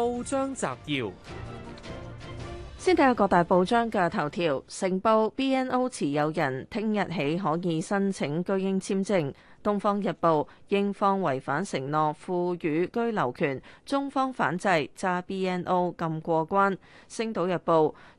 報章摘要。先睇下各大報章嘅頭條。《成報》BNO 持有人聽日起可以申請居英簽證，《東方日報》英方違反承諾賦予居留權，中方反制揸 BNO 禁過關，《星島日報》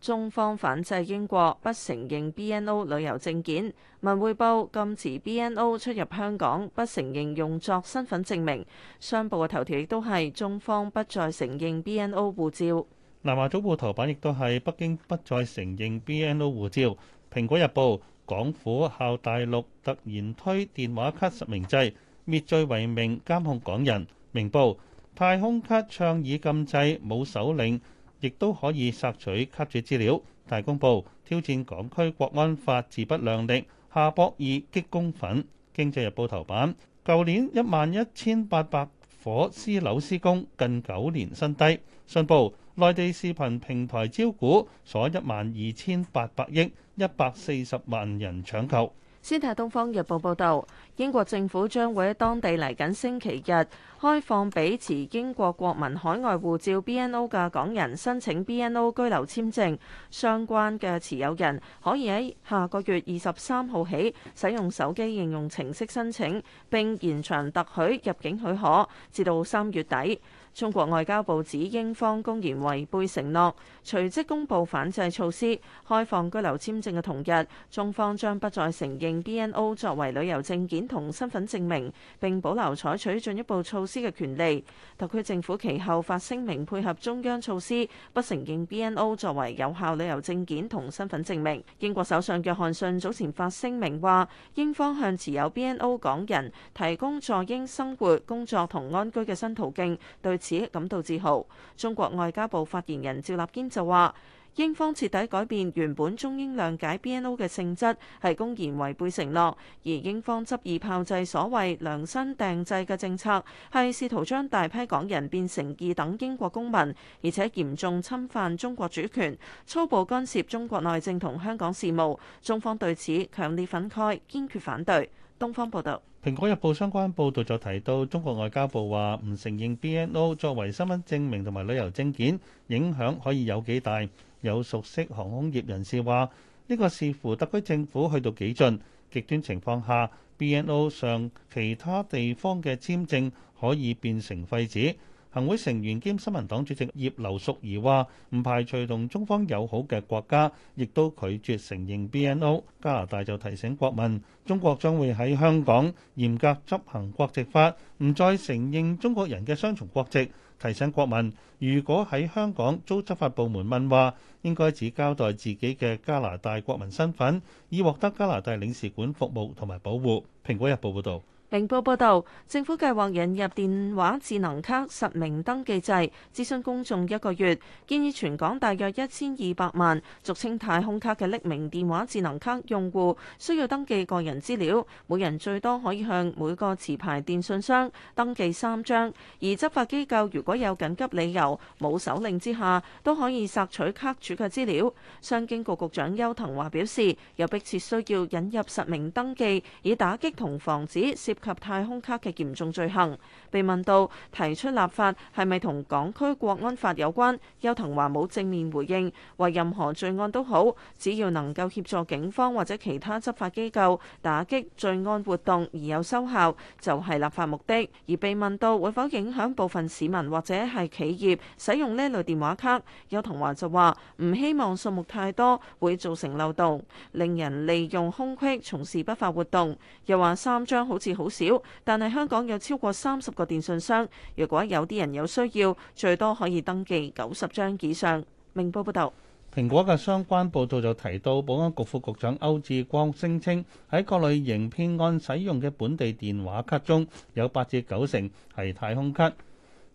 中方反制英國不承認 BNO 旅遊證件，《文匯報》禁止 BNO 出入香港，不承認用作身份證明。商報嘅頭條亦都係中方不再承認 BNO 護照。南華早報，頭版亦都係北京不再承認 BNO 護照。蘋果日報，港府效大陸突然推電話卡實名制，滅罪為名監控港人。明報，太空卡倡議禁制，冇手令亦都可以索取卡主資料。大公報，挑戰港區國安法自不量力，夏博義激公憤。經濟日報頭版，舊年一萬一千八百伙私樓施工，近九年新低。信報內地視頻平台招股鎖一萬二千八百億，一百四十萬人搶購。先睇《東方日報》報導，英國政府將會喺當地嚟緊星期日開放俾持英國國民海外護照 （BNO） 嘅港人申請 BNO 居留簽證，相關嘅持有人可以喺下個月二十三號起使用手機應用程式申請，並延長特許入境許可至到三月底。中國外交部指英方公然違背承諾，隨即公布反制措施。開放居留簽證嘅同日，中方將不再承認 BNO 作為旅遊證件同身份證明，並保留採取進一步措施嘅權利。特區政府其後發聲明配合中央措施，不承認 BNO 作為有效旅遊證件同身份證明。英國首相約翰遜早前發聲明話，英方向持有 BNO 港人提供助英生活、工作同安居嘅新途徑，對感到自豪。中國外交部發言人趙立堅就話：英方徹底改變原本中英諒解 BNO 嘅性質，係公然違背承諾；而英方執意炮製所謂「量身訂製」嘅政策，係試圖將大批港人變成二等英國公民，而且嚴重侵犯中國主權，粗暴干涉中國內政同香港事務。中方對此強烈憤慨，堅決反對。東方報道。《蘋果日報》相關報導就提到，中國外交部話唔承認 BNO 作為身份證明同埋旅遊證件，影響可以有幾大。有熟悉航空業人士話：呢、這個視乎特區政府去到幾盡，極端情況下，BNO 上其他地方嘅簽證可以變成廢紙。行會成員兼新聞黨主席葉劉淑儀話：唔排除同中方友好嘅國家，亦都拒絕承認 BNO。加拿大就提醒國民，中國將會喺香港嚴格執行國籍法，唔再承認中國人嘅雙重國籍。提醒國民，如果喺香港遭執法部門問話，應該只交代自己嘅加拿大國民身份，以獲得加拿大領事館服務同埋保護。蘋果日報報導。明報報導，政府計劃引入電話智能卡實名登記制，諮詢公眾一個月，建議全港大約一千二百萬俗稱太空卡嘅匿名電話智能卡用戶需要登記個人資料，每人最多可以向每個持牌電訊商登記三張。而執法機構如果有緊急理由冇手令之下，都可以索取卡主嘅資料。商經局局長邱騰華表示，有迫切需要引入實名登記，以打擊同防止涉。及太空卡嘅嚴重罪行，被問到提出立法係咪同港區國安法有關，邱騰華冇正面回應。話任何罪案都好，只要能夠協助警方或者其他執法機構打擊罪案活動而有收效，就係立法目的。而被問到會否影響部分市民或者係企業使用呢類電話卡，邱騰華就話唔希望數目太多會造成漏洞，令人利用空隙從事不法活動。又話三張好似好。好少，但係香港有超過三十個電訊商，如果有啲人有需要，最多可以登記九十張以上。明報報道，蘋果嘅相關報道就提到，保安局副局長歐志光聲稱，喺各類型騙案使用嘅本地電話卡中有八至九成係太空卡。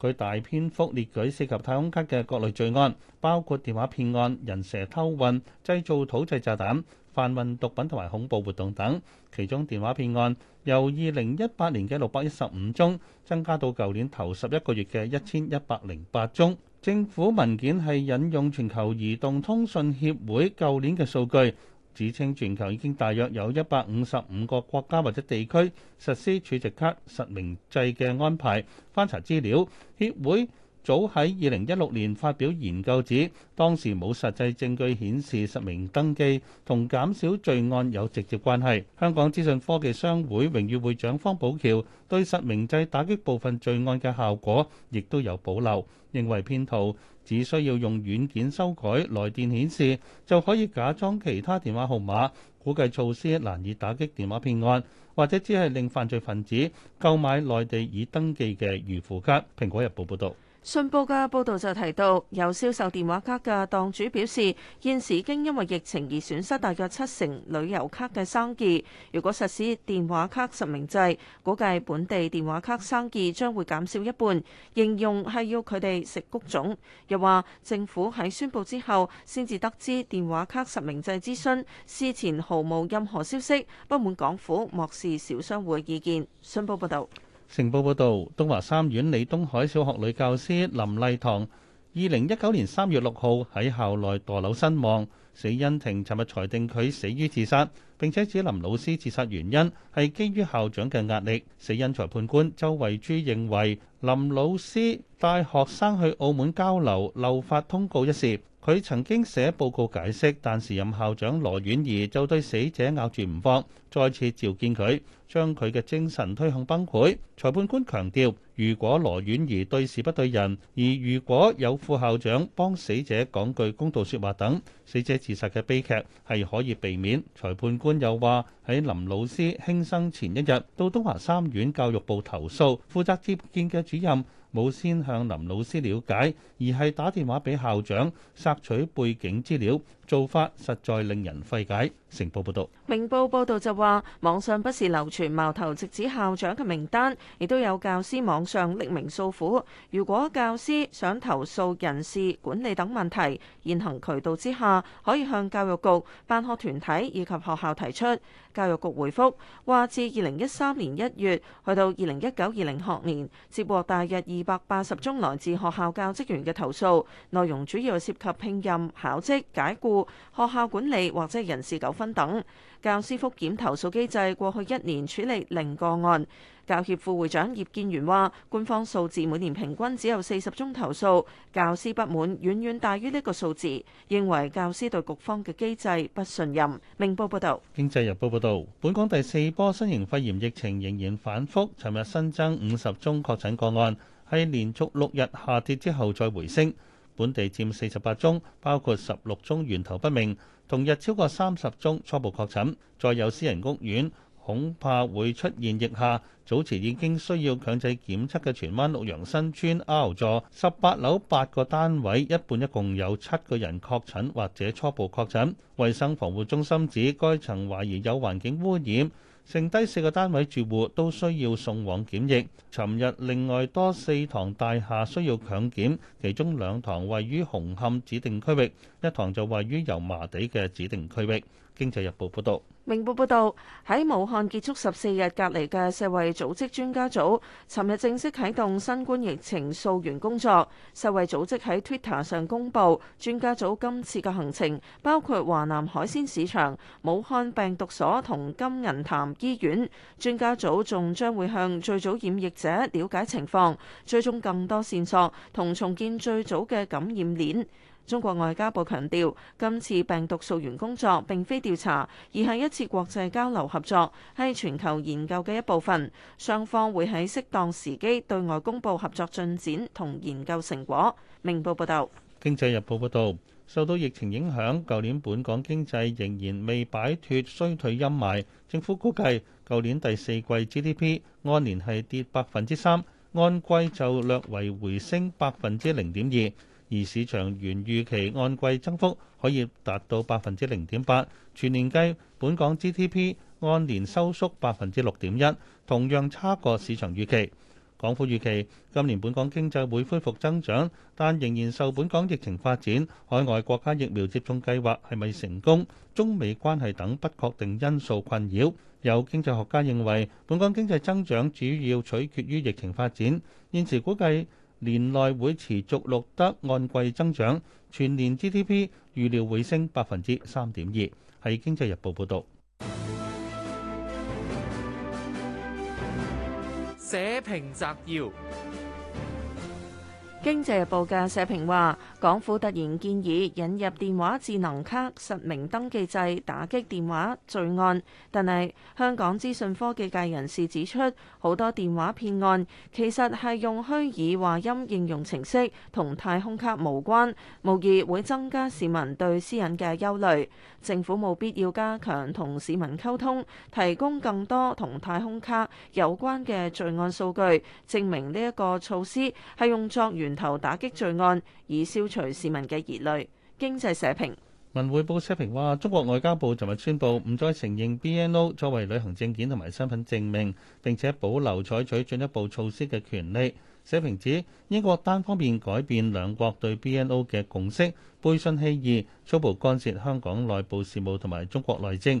佢大篇幅列舉涉及太空卡嘅各類罪案，包括電話騙案、人蛇偷運、製造土製炸彈。販運毒品同埋恐怖活動等，其中電話騙案由二零一八年嘅六百一十五宗增加到舊年頭十一個月嘅一千一百零八宗。政府文件係引用全球移動通訊協會舊年嘅數據，指稱全球已經大約有一百五十五個國家或者地區實施儲值卡實名制嘅安排。翻查資料，協會。早喺二零一六年發表研究指，當時冇實際證據顯示實名登記同減少罪案有直接關係。香港資訊科技商會榮譽會長方保僑對實名制打擊部分罪案嘅效果亦都有保留，認為騙徒只需要用軟件修改來電顯示就可以假裝其他電話號碼，估計措施難以打擊電話騙案，或者只係令犯罪分子購買內地已登記嘅預付卡。蘋果日報報導。信報嘅報導就提到，有銷售電話卡嘅檔主表示，現時經因為疫情而損失大約七成旅遊卡嘅生意。如果實施電話卡實名制，估計本地電話卡生意將會減少一半。形容係要佢哋食谷種。又話政府喺宣布之後先至得知電話卡實名制諮詢，事前毫無任何消息，不滿港府漠視小商戶意見。信報報導。成報報道：東華三院李東海小學女教師林麗棠，二零一九年三月六號喺校內墮樓身亡。死因庭尋日裁定佢死於自殺，並且指林老師自殺原因係基於校長嘅壓力。死因裁判官周慧珠認為，林老師帶學生去澳門交流漏發通告一事。佢曾經寫報告解釋，但時任校長羅婉儀就對死者咬住唔放，再次召見佢，將佢嘅精神推向崩潰。裁判官強調，如果羅婉儀對事不對人，而如果有副校長幫死者講句公道説話等，死者自殺嘅悲劇係可以避免。裁判官又話，喺林老師輕生前一日到東華三院教育部投訴負責接見嘅主任。冇先向林老師了解，而係打電話俾校長索取背景資料。做法實在令人費解。成報報導，明報報導就話，網上不是流傳矛頭直指校長嘅名單，亦都有教師網上匿名訴苦。如果教師想投訴人事管理等問題，現行渠道之下，可以向教育局、辦學團體以及學校提出。教育局回覆話，自二零一三年一月去到二零一九二零學年，接獲大約二百八十宗來自學校教職員嘅投訴，內容主要涉及聘任、考績、解雇。學校管理或者人事糾紛等，教師複檢投訴機制過去一年處理零個案。教協副會長葉建源話，官方數字每年平均只有四十宗投訴，教師不滿遠遠大於呢個數字，認為教師對局方嘅機制不信任。明報報道。經濟日報報道，本港第四波新型肺炎疫情仍然反覆，尋日新增五十宗確診個案，係連續六日下跌之後再回升。本地佔四十八宗，包括十六宗源頭不明。同日超過三十宗初步確診，再有私人屋苑恐怕會出現疫廈。早前已經需要強制檢測嘅荃灣綠楊新邨 R 座十八樓八個單位，一半一共有七個人確診或者初步確診。衛生防護中心指，該層懷疑有環境污染。剩低四個單位住戶都需要送往檢疫。尋日另外多四堂大廈需要強檢，其中兩堂位於紅磡指定區域，一堂就位於油麻地嘅指定區域。經濟日報報導，明報報導，喺武漢結束十四日隔離嘅世衛組織專家組，尋日正式啟動新冠疫情溯源工作。世衛組織喺 Twitter 上公布，專家組今次嘅行程包括華南海鮮市場、武漢病毒所同金銀潭醫院。專家組仲將會向最早染疫者了解情況，追蹤更多線索，同重建最早嘅感染鏈。中國外交部強調，今次病毒溯源工作並非調查，而係一次國際交流合作，係全球研究嘅一部分。雙方會喺適當時機對外公布合作進展同研究成果。明報報道，《經濟日報》報道，受到疫情影響，舊年本港經濟仍然未擺脫衰退陰霾。政府估計，舊年第四季 GDP 按年係跌百分之三，按季就略為回升百分之零點二。而市場原預期按季增幅可以達到百分之零點八，全年計本港 GDP 按年收縮百分之六點一，同樣差過市場預期。港府預期今年本港經濟會恢復增長，但仍然受本港疫情發展、海外國家疫苗接種計劃係咪成功、中美關係等不確定因素困擾。有經濟學家認為，本港經濟增長主要取決於疫情發展，現時估計，年內會持續錄得按季增長，全年 GDP 預料回升百分之三點二。係《經濟日報》報道。社評摘要。《經濟日報》嘅社評話，港府突然建議引入電話智能卡實名登記制，打擊電話罪案，但係香港資訊科技界人士指出，好多電話騙案其實係用虛擬話音應用程式，同太空卡無關，無疑會增加市民對私隱嘅憂慮。政府務必要加強同市民溝通，提供更多同太空卡有關嘅罪案數據，證明呢一個措施係用作完。頭打擊罪案，以消除市民嘅疑慮。經濟社評。《文匯報》社評話，中國外交部昨日宣布，唔再承認 BNO 作為旅行證件同埋身份證明，並且保留採取進一步措施嘅權利。社評指，英國單方面改變兩國對 BNO 嘅共識，背信棄義，粗暴干涉香港內部事務同埋中國內政。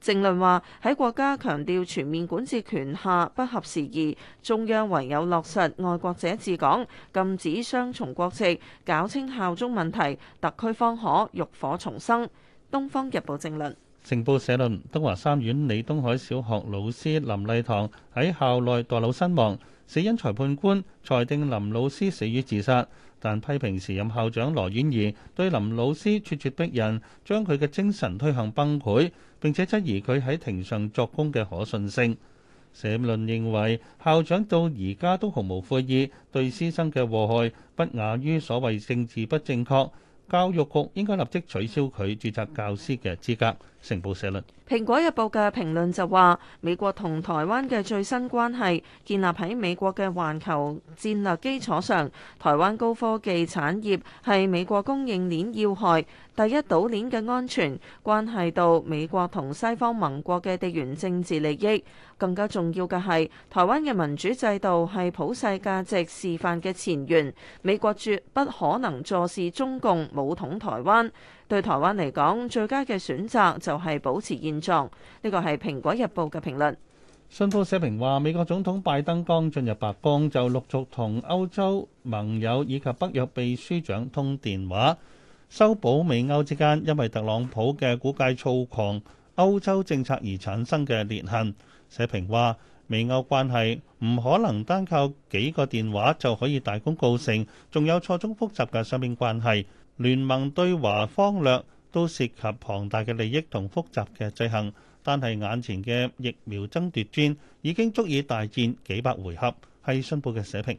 政論話喺國家強調全面管治權下不合時宜，中央唯有落實愛國者治港，禁止雙重國籍，搞清效忠問題，特區方可浴火重生。《東方日報》政論。成報社論：東華三院李東海小學老師林麗棠喺校內墮樓身亡。死因裁判官裁定林老師死於自殺，但批評時任校長羅婉儀對林老師咄咄逼人，將佢嘅精神推向崩潰，並且質疑佢喺庭上作供嘅可信性。社論認為校長到而家都毫無悔意，對師生嘅禍害不亞於所謂政治不正確，教育局應該立即取消佢註冊教師嘅資格。《成報》社論，《蘋果日報》嘅評論就話：美國同台灣嘅最新關係建立喺美國嘅環球戰略基礎上，台灣高科技產業係美國供應鏈要害，第一島鏈嘅安全關係到美國同西方盟國嘅地緣政治利益。更加重要嘅係，台灣嘅民主制度係普世價值示範嘅前沿，美國絕不可能坐視中共武統台灣。對台灣嚟講，最佳嘅選擇就係保持現狀。呢個係《蘋果日報》嘅評論。信報社評話，美國總統拜登剛進入白宮，就陸續同歐洲盟友以及北約秘書長通電話，修補美歐之間因為特朗普嘅古怪躁狂歐洲政策而產生嘅裂痕。社評話，美歐關係唔可能單靠幾個電話就可以大功告成，仲有錯綜複雜嘅雙邊關係。聯盟對華方略都涉及龐大嘅利益同複雜嘅制衡，但係眼前嘅疫苗爭奪戰已經足以大戰幾百回合，係信報嘅社評。